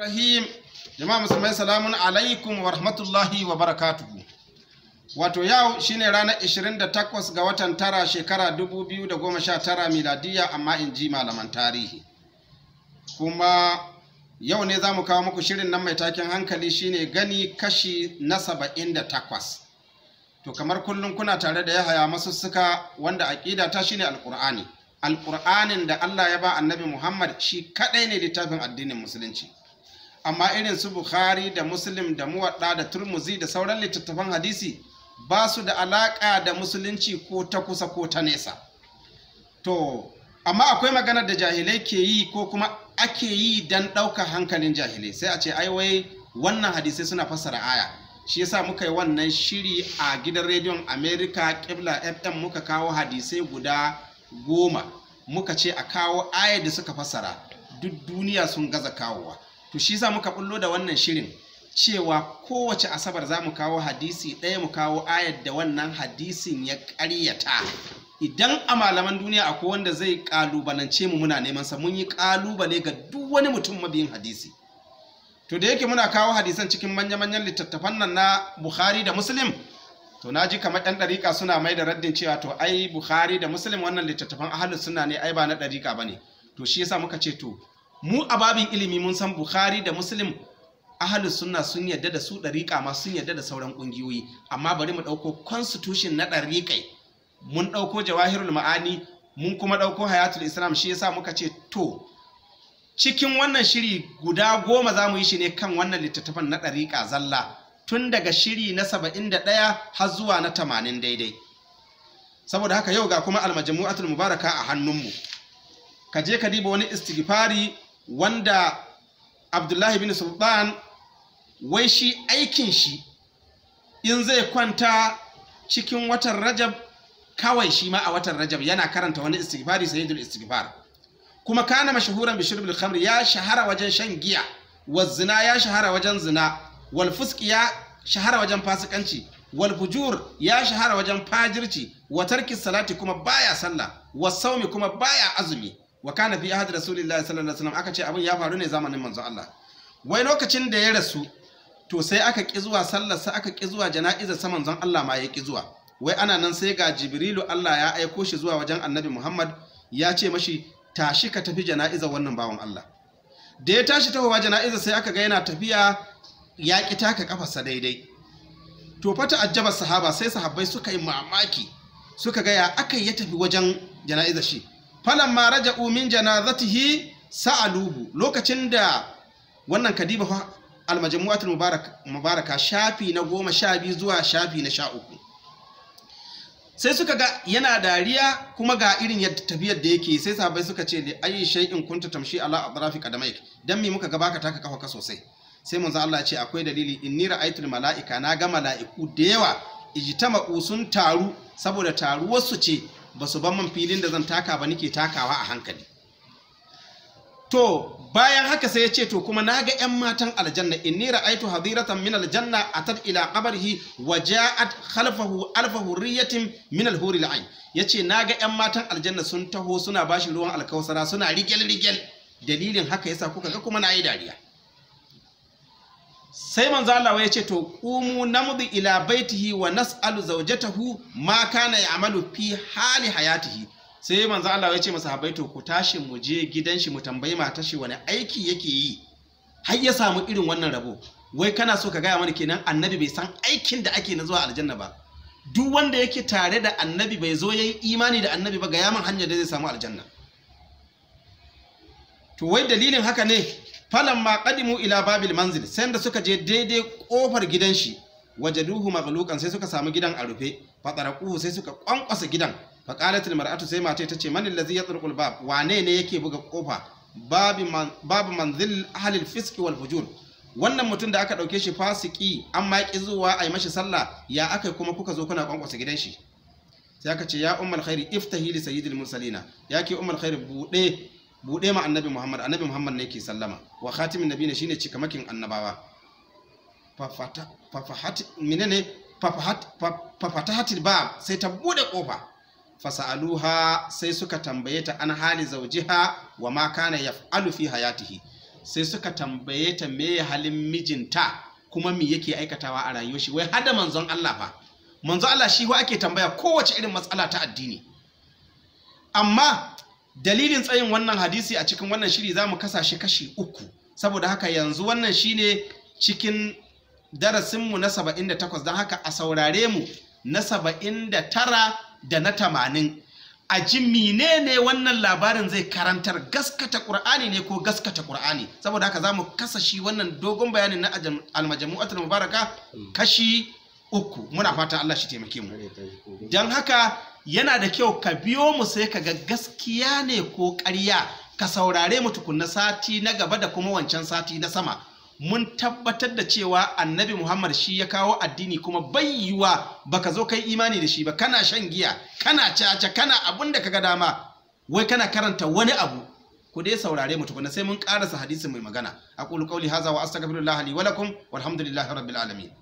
rahim jama'a musulmai salamun alaikum wa rahmatullahi wa barakatuhu wato yau shine ranar 28 ga watan tara shekara 2019 miladiya amma in ji malaman tarihi kuma yau ne za mu kawo muku shirin nan mai taken hankali shine gani kashi na 78 to kamar kullum kuna tare da yahaya suka wanda aƙida ta shine alƙur'ani alƙur'anin da Allah ya ba annabi Muhammad shi kaɗai ne littafin addinin musulunci amma irin su bukhari da muslim da muwadda da turmuzi da sauran littattafan hadisi ba su da alaƙa da musulunci ko ta kusa ko ta nesa to amma akwai maganar da jahilai ke yi ko kuma ake yi don ɗaukar hankalin jahilai sai a ce ai wannan hadisai suna fassara aya shi yasa muka yi wannan shiri a gidan rediyon america kibla fm muka kawo hadisai guda goma muka ce a kawo aya da suka fassara duk duniya sun gaza kawowa to shi sa muka bullo da wannan shirin cewa kowace asabar za mu kawo hadisi ɗaya mu kawo ayar da wannan hadisin ya ƙaryata idan a malaman duniya akwai wanda zai kalubalance mu muna neman sa mun yi kalubale ga duk wani mutum mabiyin hadisi to da yake muna kawo hadisan cikin manya-manyan littattafan nan na bukhari da muslim to na ji kamar ɗan ɗariƙa suna mai da raddin cewa to ai bukhari da muslim wannan littattafan ahalin suna ne ai ba na ɗariƙa ba ne to shi yasa muka ce to mu a babin ilimi mun san bukhari da muslim ahalus sunna sun yadda da su ɗariƙa ma sun yadda da sauran ƙungiyoyi amma bari mu ɗauko constitution na ɗariƙai mun ɗauko jawahirul ma'ani mun kuma ɗauko hayatul islam shi yasa muka ce to cikin wannan shiri guda goma za mu yi shi ne kan wannan littattafan na ɗariƙa zalla tun daga shiri na saba'in da ɗaya har zuwa na tamanin daidai saboda haka yau ga kuma almajamu'atul mubaraka a hannunmu ka je ka diba wani istighfari wanda abdullahi bin sultan wai shi aikin shi in zai kwanta cikin watan rajab kawai shi ma a watan rajab yana karanta wani istighfari da istighfar kuma kana mashahuran bi shurbil khamr ya shahara wajen shan giya wa zina ya shahara wajen zina wal fuski ya shahara wajen fasikanci wal fujur ya shahara wajen fajirci wa tarki salati kuma baya sallah wa saumi kuma baya azumi wa kana fi ahad rasulillahi sallallahu alaihi wasallam aka ce abin ya faru ne zamanin manzo Allah wai lokacin da ya rasu to sai aka ki zuwa sallar sa aka ki zuwa jana'izar sa manzon Allah ma ya ki zuwa wai ana nan sai ga jibrilu Allah ya aiko shi zuwa wajen annabi Muhammad ya ce mashi tashi ka tafi jana'izar wannan bawan Allah da ya tashi tahowa jana'izar sai aka ga yana tafiya ya ki taka kafarsa daidai to fata ajjaba sahaba sai sahabbai suka yi mamaki suka ga ya aka ya tafi wajen jana'izar shi falan ma raja'u min janazatihi sa'aluhu lokacin da wannan kadiba fa almajmu'atul mubaraka shafi na goma sha biyu zuwa shafi na sha uku sai suka ga yana dariya kuma ga irin yadda tafiyar da yake sai sabai suka ce da ayi shay'in kunta tamshi ala adrafi qadamaik dan me muka ga baka taka kafa ka sosai sai manzo Allah ce akwai dalili in inni ra'aytul mala'ika na ga mala'iku da yawa ijtama'u sun taru saboda taruwar su ce ba su ban man filin da zan taka ba nike takawa a hankali to bayan haka sai ya ce to kuma na ga 'yan matan aljanna in ni ra'aitu hadiratan min aljanna a atat ila qabrihi wa ja’ad halfahu alfahu riyatin min alhuri Ya ce na ga 'yan matan aljanna sun taho suna bashi ruwan alkausara suna rigel rigel dalilin haka yasa kuka ga kuma na yi dariya sai manzo Allah ya ce to qumu namdi ila baitihi wa nas'alu zawjatahu ma kana ya'malu fi hali hayatihi sai manzo Allah ya ce masahabai to ku tashi mu je gidan shi mu tambayi matar shi wani aiki yake yi har ya samu irin wannan rabo wai kana so ka gaya mana kenan annabi bai san aikin da ake na zuwa aljanna ba duk wanda yake tare da annabi bai zo yayi imani da annabi ba ga yaman hanyar da zai samu aljanna to wai dalilin haka ne Falan falamma qadimu ila babil manzil sai da suka je daidai kofar gidan shi wajaduhu maghluqan sai suka samu gidan a rufe fataraquhu sai suka kwankwasa gidan fa qalatil mar'atu sai mata tace man allazi yatrukul bab wane ne yake buga kofa babu babu manzil ahlil fisq wal fujur wannan mutum da aka dauke shi fasiki amma yaki zuwa ai mashi sallah ya akai kuma kuka zo kuna kwankwasa gidan shi sai aka ce ya ummul khairi iftahi li sayyidil mursalina yake ummul khairi bude buɗe ma annabi Muhammad annabi Muhammad ne ke sallama wa khatimin ne shine cikamakin annabawa fafata fafahat ba sai ta buɗe ƙofa fasaluha sai suka tambaye ta an hali zaujiha wa ma kana yaf'alu fi hayatihi sai suka tambaye ta me halin mijinta kuma me yake aikatawa a rayuwar shi wai hada manzon Allah fa manzon Allah shi wa ake tambaya kowace irin matsala ta addini amma dalilin tsayin wannan hadisi a cikin wannan shiri za mu kasashe kashi uku saboda haka yanzu wannan shine cikin darasinmu na 78 don haka a saurare mu na 79 da na 80 a ji menene wannan labarin zai karantar gaskata ƙur'ani ne ko gaskata ƙur'ani saboda haka za mu kasa wannan dogon bayanin na almajamu'atul mubaraka kashi uku muna fata Allah shi taimake mu don haka yana da kyau ka biyo mu sai ka ga gaskiya ne ko ƙarya ka saurare mu tukunna sati na gaba da kuma wancan sati na sama mun tabbatar da cewa annabi muhammad shi ya kawo addini kuma bai yiwa baka zo kai imani da shi ba kana shan giya kana caca kana abun da ka ga dama wai kana karanta wani abu ku dai saurare mu tukunna sai mun karasa hadisin mai magana aqulu qawli hadha wa astaghfirullah li wa lakum walhamdulillahi rabbil alamin